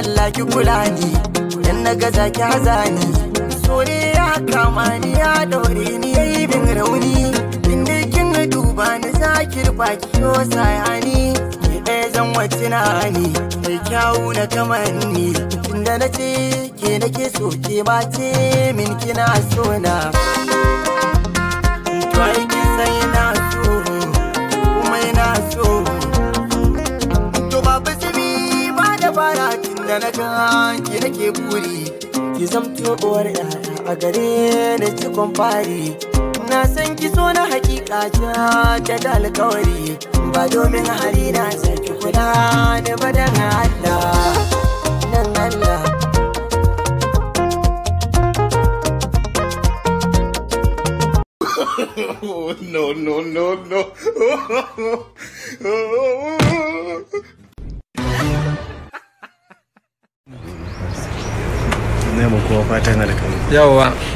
Allah ki kula ni dan na gaza ki azani sore ya kama ni ya daure ni yayi bin rauni inda kin duba ni za ki rufa ki yo sayani ki ɗaya zan wace na ni mai kyawu na kamanni tunda na ce ke nake so ke ba ce min kina so na. da na ki nake buri ki zamto uwar yaya a gare ni cikon fari na san ki so na hakika ta da alkawari ba domin hali na saki kula da badan Allah nan Allah oh, no no no no ne mu kuma fatan alkhairi yawa